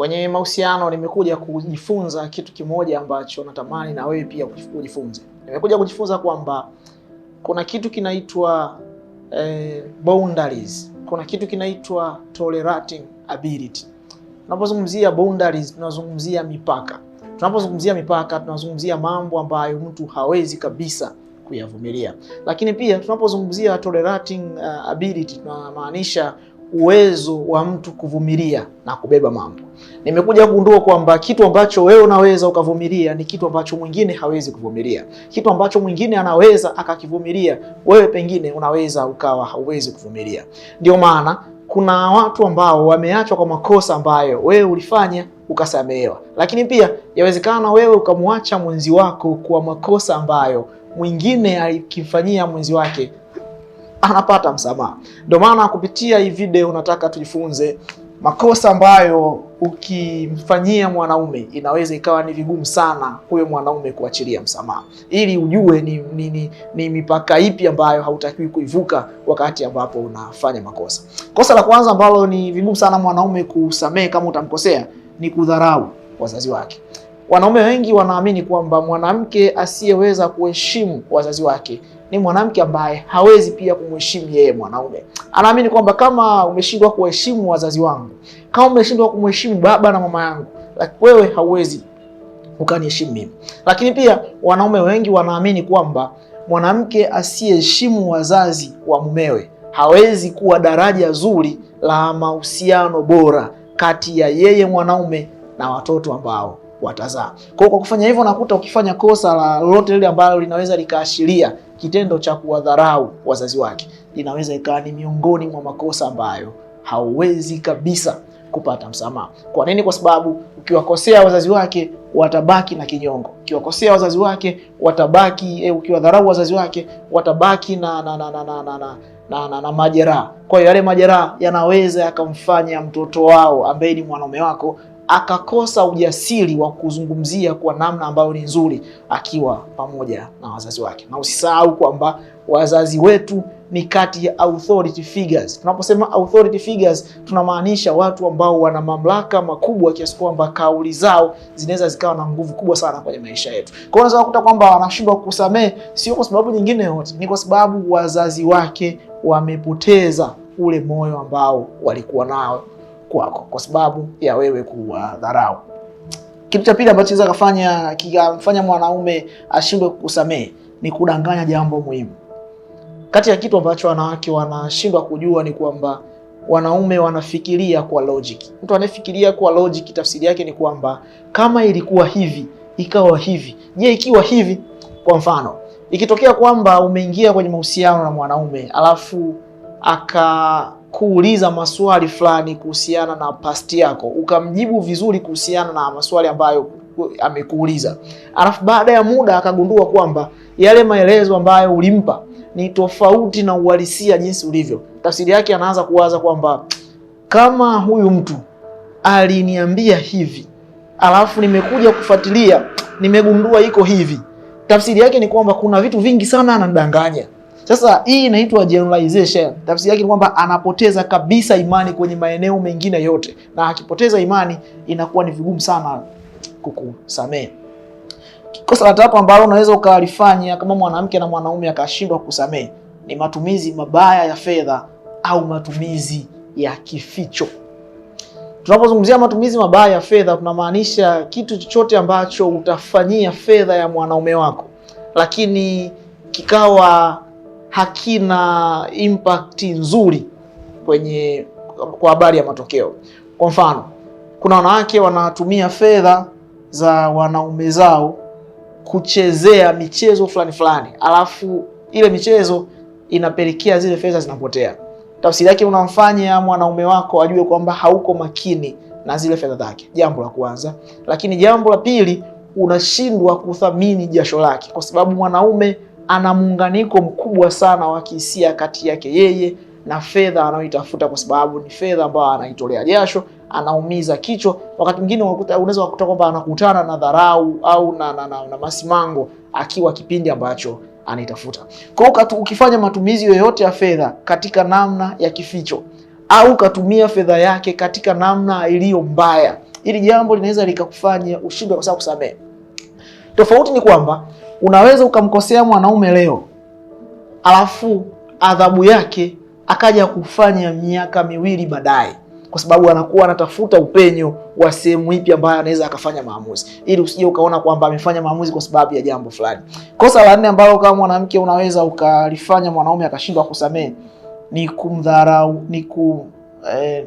Kwenye mahusiano nimekuja kujifunza kitu kimoja ambacho natamani na wewe pia ujifunze. Nimekuja kujifunza kwamba kuna kitu kinaitwa eh, boundaries. Kuna kitu kinaitwa tolerating ability. Tunapozungumzia boundaries, tunazungumzia mipaka. Tunapozungumzia mipaka, tunazungumzia mambo ambayo mtu hawezi kabisa kuyavumilia. Lakini pia tunapozungumzia tolerating uh, ability tunamaanisha uwezo wa mtu kuvumilia na kubeba mambo. Nimekuja kugundua kwamba kitu ambacho wewe unaweza ukavumilia ni kitu ambacho mwingine hawezi kuvumilia. Kitu ambacho mwingine anaweza akakivumilia, wewe pengine unaweza ukawa hauwezi kuvumilia. Ndio maana kuna watu ambao wameachwa kwa makosa ambayo wewe ulifanya ukasamehewa, lakini pia yawezekana wewe ukamwacha mwenzi wako kwa makosa ambayo mwingine alikifanyia mwenzi wake anapata msamaha. Ndio maana kupitia hii video nataka tujifunze makosa ambayo ukimfanyia mwanaume inaweza ikawa ni vigumu sana huyo mwanaume kuachilia msamaha, ili ujue ni, ni, ni, ni mipaka ipi ambayo hautakiwi kuivuka wakati ambapo unafanya makosa. Kosa la kwanza ambalo ni vigumu sana mwanaume kusamehe kama utamkosea ni kudharau wazazi wake. Wanaume wengi wanaamini kwamba mwanamke asiyeweza kuheshimu wazazi wake ni mwanamke ambaye hawezi pia kumheshimu yeye mwanaume. Anaamini kwamba kama umeshindwa kuheshimu wazazi wangu, kama umeshindwa kumheshimu baba na mama yangu, lakini wewe hauwezi ukaniheshimu mimi. Lakini pia wanaume wengi wanaamini kwamba mwanamke asiyeheshimu wazazi wa mumewe hawezi kuwa daraja zuri la mahusiano bora kati ya yeye mwanaume na watoto ambao watazaa. Kwa hiyo kwa kufanya hivyo, nakuta ukifanya kosa la lolote lile ambalo linaweza likaashiria kitendo cha kuwadharau wazazi wake inaweza ikawa ni miongoni mwa makosa ambayo hauwezi kabisa kupata msamaha. Kwa nini? Kwa sababu ukiwakosea wazazi wake watabaki na kinyongo, ukiwakosea wazazi wake watabaki eh, ukiwadharau wazazi wake watabaki na na na na na na, na, na, na, na majeraha. Kwa hiyo yale majeraha yanaweza yakamfanya mtoto wao ambaye ni mwanaume wako akakosa ujasiri wa kuzungumzia kwa namna ambayo ni nzuri akiwa pamoja na wazazi wake. Na usisahau kwamba wazazi wetu ni kati ya authority figures. Tunaposema authority figures, tunamaanisha watu ambao wana mamlaka makubwa kiasi kwamba kauli zao zinaweza zikawa na nguvu kubwa sana kwenye maisha yetu. Kwa hiyo unaweza kukuta kwamba wanashindwa kusamehe, sio kwa sababu nyingine yote, ni kwa sababu wazazi wake wamepoteza ule moyo ambao walikuwa nao kwako kwa sababu ya wewe kuwadharau. Kitu cha pili ambacho kafanya kikamfanya mwanaume ashindwe kukusamehe ni kudanganya jambo muhimu. Kati ya kitu ambacho wanawake wanashindwa kujua ni kwamba wanaume wanafikiria kwa logic. Mtu anayefikiria kwa logic, tafsiri yake ni kwamba kama ilikuwa hivi ikawa hivi, je, ikiwa hivi, kwa mfano ikitokea kwamba umeingia kwenye mahusiano na mwanaume alafu aka kuuliza maswali fulani kuhusiana na past yako, ukamjibu vizuri kuhusiana na maswali ambayo amekuuliza, alafu baada ya muda akagundua kwamba yale maelezo ambayo ulimpa ni tofauti na uhalisia jinsi ulivyo. Tafsiri yake anaanza kuwaza kwamba kama huyu mtu aliniambia hivi, alafu nimekuja kufuatilia, nimegundua iko hivi, tafsiri yake ni kwamba kuna vitu vingi sana anadanganya. Sasa hii inaitwa generalization. Tafsiri yake ni kwamba anapoteza kabisa imani kwenye maeneo mengine yote, na akipoteza imani inakuwa ni vigumu sana kukusamehe. Kosa la tatu ambalo unaweza ukalifanya kama mwanamke na mwanaume akashindwa kusamehe ni matumizi mabaya ya fedha au matumizi ya kificho. Tunapozungumzia matumizi mabaya ya fedha, tunamaanisha kitu chochote ambacho utafanyia fedha ya mwanaume wako, lakini kikawa hakina impact nzuri kwenye kwa habari ya matokeo. Kwa mfano, kuna wanawake wanatumia fedha za wanaume zao kuchezea michezo fulani fulani, alafu ile michezo inapelekea zile fedha zinapotea. Tafsiri yake unamfanya mwanaume wako ajue kwamba hauko makini na zile fedha zake, jambo la kwanza. Lakini jambo la pili, unashindwa kuthamini jasho lake, kwa sababu mwanaume ana muunganiko mkubwa sana wa kihisia kati yake yeye na fedha anayoitafuta, kwa sababu ni fedha ambayo anaitolea jasho, anaumiza kichwa. Wakati mwingine unaweza kukuta kwamba anakutana na dharau au na, na, na, na masimango akiwa kipindi ambacho anaitafuta. Kwa hiyo ukifanya matumizi yoyote ya fedha katika namna ya kificho au ukatumia fedha yake katika namna iliyo mbaya, ili jambo linaweza likakufanya ushindwe kwa sababu kusamehe. Tofauti ni kwamba Unaweza ukamkosea mwanaume leo, alafu adhabu yake akaja kufanya miaka miwili baadaye, kwa sababu anakuwa anatafuta upenyo wa sehemu ipi ambayo anaweza akafanya maamuzi, ili usije ukaona kwamba amefanya maamuzi kwa sababu ya jambo fulani. Kosa la nne ambalo kama mwanamke unaweza ukalifanya mwanaume akashindwa kusamehe ni kumdharau, ni ku eh,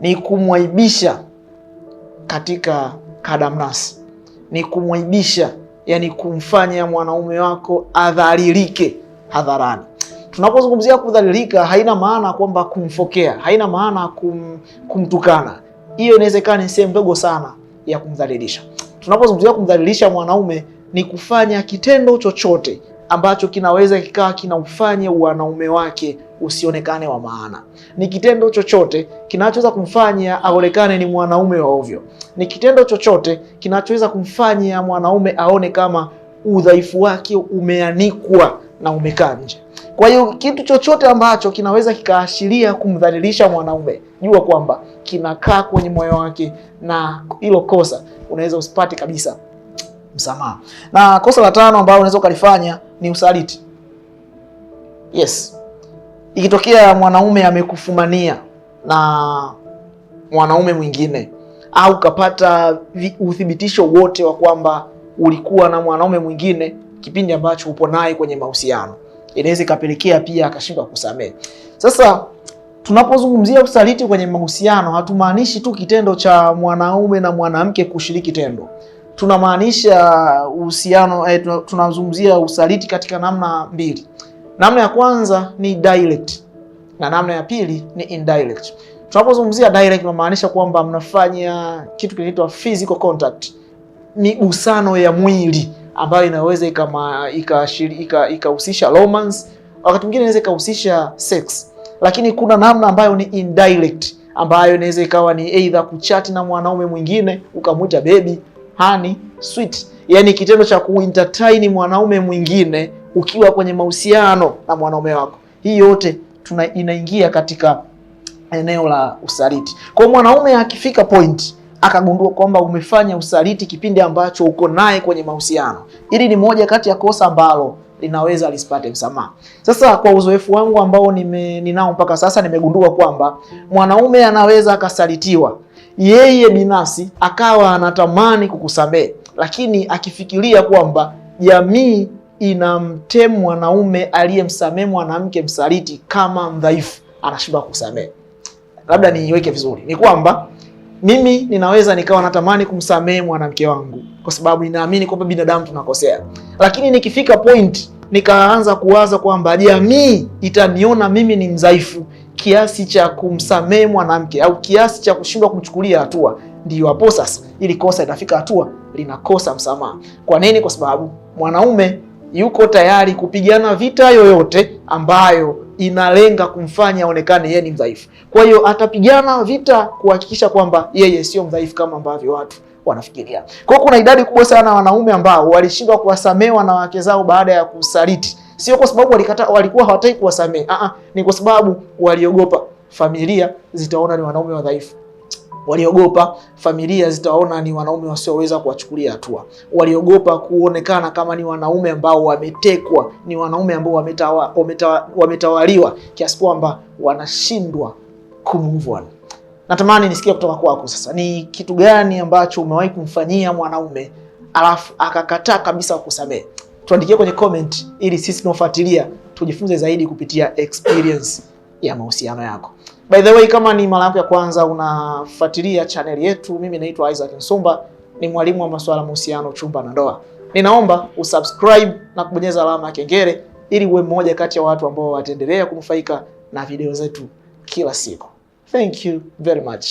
ni kumwaibisha katika kadamnasi, ni kumwaibisha yani kumfanya mwanaume wako adhalilike hadharani. Tunapozungumzia kudhalilika, haina maana kwamba kumfokea, haina maana kum, kumtukana. Hiyo inawezekana ni sehemu ndogo sana ya kumdhalilisha. Tunapozungumzia kumdhalilisha mwanaume, ni kufanya kitendo chochote ambacho kinaweza kikawa kinaufanya wanaume wake usionekane wa maana. Ni kitendo chochote kinachoweza kumfanya aonekane ni mwanaume wa ovyo. Ni kitendo chochote kinachoweza kumfanya mwanaume aone kama udhaifu wake umeanikwa na umekaa nje. Kwa hiyo kitu chochote ambacho kinaweza kikaashiria kumdhalilisha mwanaume, jua kwamba kinakaa kwenye moyo wake, na hilo kosa unaweza usipate kabisa msamaha. Na kosa la tano ambalo unaweza ukalifanya ni usaliti. Yes, ikitokea mwanaume amekufumania na mwanaume mwingine au kapata uthibitisho wote wa kwamba ulikuwa na mwanaume mwingine kipindi ambacho upo naye kwenye mahusiano, inaweza ikapelekea pia akashindwa kusamehe. Sasa tunapozungumzia usaliti kwenye mahusiano, hatumaanishi tu kitendo cha mwanaume na mwanamke kushiriki tendo, tunamaanisha uh, uhusiano eh, tunazungumzia usaliti katika namna mbili. Namna ya kwanza ni direct na namna ya pili ni indirect. Tunapozungumzia direct, tunamaanisha kwamba mnafanya kitu kinaitwa physical contact, migusano ya mwili ambayo inaweza ikahusisha romance, wakati mwingine inaweza ikahusisha sex. Lakini kuna namna ambayo ni indirect, ambayo inaweza ikawa ni either kuchati na mwanaume mwingine ukamwita baby honey, sweet, yani kitendo cha kuentertain mwanaume mwingine ukiwa kwenye mahusiano na mwanaume wako. Hii yote tuna inaingia katika eneo la usaliti. Kwa mwanaume akifika point akagundua kwamba umefanya usaliti kipindi ambacho uko naye kwenye mahusiano, ili ni moja kati ya kosa ambalo linaweza lisipate msamaha. Sasa kwa uzoefu wangu ambao nime, ninao mpaka sasa nimegundua kwamba mwanaume anaweza akasalitiwa yeye binafsi akawa anatamani kukusamehe, lakini akifikiria kwamba jamii inamtemu mwanaume aliyemsamehe mwanamke msaliti kama mdhaifu, anashindwa kukusamehe. Labda niiweke vizuri, ni kwamba mimi ninaweza nikawa natamani kumsamehe mwanamke wangu kwa sababu ninaamini kwamba binadamu tunakosea, lakini nikifika point nikaanza kuwaza kwamba jamii itaniona mimi ni mdhaifu kiasi cha kumsamehe mwanamke au kiasi cha kushindwa kumchukulia hatua, ndiyo hapo sasa ili kosa inafika hatua linakosa msamaha. Kwa nini? Kwa sababu mwanaume yuko tayari kupigana vita yoyote ambayo inalenga kumfanya aonekane yeye ni mdhaifu. Kwa hiyo atapigana vita kuhakikisha kwamba yeye sio mdhaifu kama ambavyo watu wanafikiria. Kwa hiyo kuna idadi kubwa sana wanaume ambao walishindwa kuwasamehe wanawake zao baada ya kusaliti sio kwa sababu walikata, walikuwa hawataki kuwasamehe. Ah, ah, ni kwa sababu waliogopa familia zitaona ni wanaume wadhaifu waliogopa familia zitaona ni wanaume wasioweza kuwachukulia hatua, waliogopa kuonekana kama ni wanaume ambao wametekwa, ni wanaume ambao wametawa, wametawa, wametawaliwa kiasi kwamba wanashindwa kumove on. Natamani nisikia kutoka kwako sasa, ni kitu gani ambacho umewahi kumfanyia mwanaume alafu akakataa kabisa kusamehe? tuandikie kwenye comment ili sisi tunaofuatilia tujifunze zaidi kupitia experience ya mahusiano yako. By the way, kama ni mara yako ya kwanza unafuatilia chaneli yetu, mimi naitwa Isaac Nsumba, ni mwalimu wa masuala ya mahusiano, chumba na ndoa. Ninaomba usubscribe na kubonyeza alama ya kengele ili uwe mmoja kati ya watu ambao wataendelea kunufaika na video zetu kila siku. Thank you very much.